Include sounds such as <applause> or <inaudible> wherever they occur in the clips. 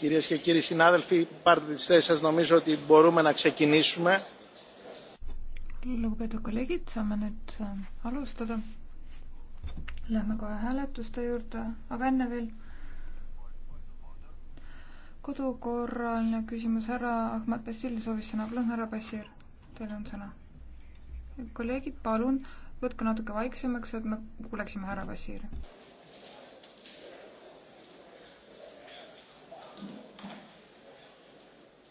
Κυρίες και κύριοι συνάδελφοι, πάρτε τις θέσεις σας. Νομίζω ότι μπορούμε να ξεκινήσουμε. Lugupeetud kolleegid, saame nüüd äh, alustada. Lähme kohe hääletuste juurde, aga enne veel kodukorraline küsimus. Härra Ahmad Basil soovis sõna. Palun, härra Basil, teil on sõna. Kolleegid, palun, võtke natuke vaiksemaks, et me kuuleksime härra Basili.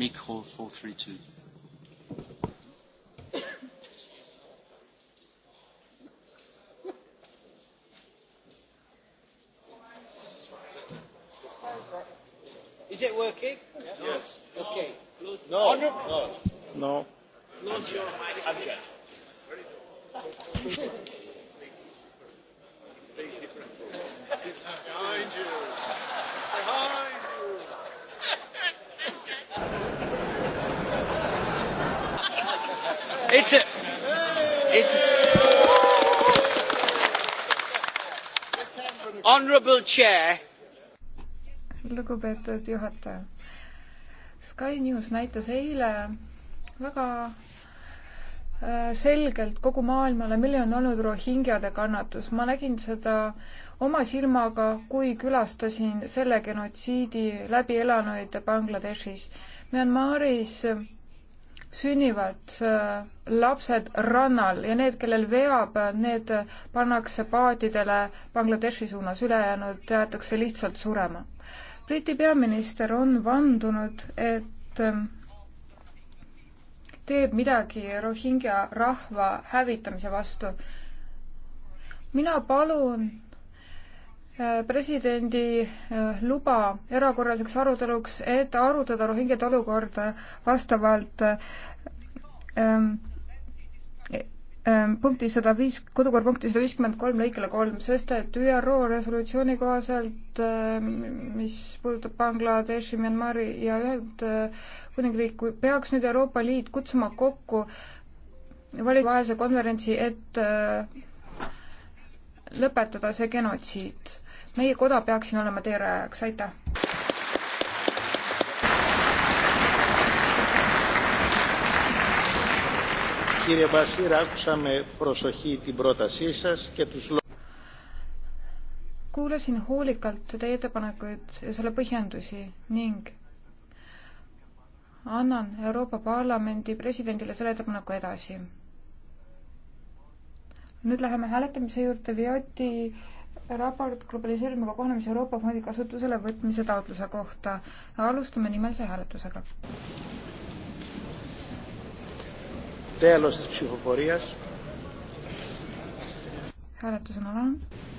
Micro 432. Is it working? Yes. Okay. No. No. No. Close your mic. I'm just. <laughs> It's a, it's a, honorable chair. lugupeetud juhataja. Sky News näitas eile väga äh, selgelt kogu maailmale, milline on olnud rohingjade kannatus. ma nägin seda oma silmaga, kui külastasin selle genotsiidi läbi elanuid Bangladeshis. Myanmaris sünnivad äh, lapsed rannal ja need, kellel veab, äh, need äh, pannakse paatidele Bangladeshi suunas, ülejäänud jäetakse lihtsalt surema. Briti peaminister on vandunud, et ähm, teeb midagi Rohingja rahva hävitamise vastu. mina palun presidendi äh, luba erakorraliseks aruteluks, et arutada rohingjate olukorda vastavalt ähm, ähm, punkti sada viis, kodukorra punkti sada viiskümmend kolm lõikele kolm, sest et ÜRO resolutsiooni kohaselt ähm,, mis puudutab Bangladeshi, Myanmari ja Ühendkuningriiki, peaks nüüd Euroopa Liit kutsuma kokku valitsusvahelise konverentsi, et äh, lõpetada see genotsiid meie koda peaks siin olema teerajajaks, aitäh! Κύριε Μπασίρ, άκουσα με προσοχή την πρότασή σας και τους λόγους. Kuulasin hoolikalt teie ettepanekuid ja selle põhjendusi ning annan Euroopa Parlamendi presidendile selle ettepaneku edasi. nüüd läheme hääletamise juurde Vioti raport globaliseerimisega kohanemise Euroopa Fondi kasutusele võtmise taotluse kohta. alustame nimelise hääletusega. hääletus on alanud.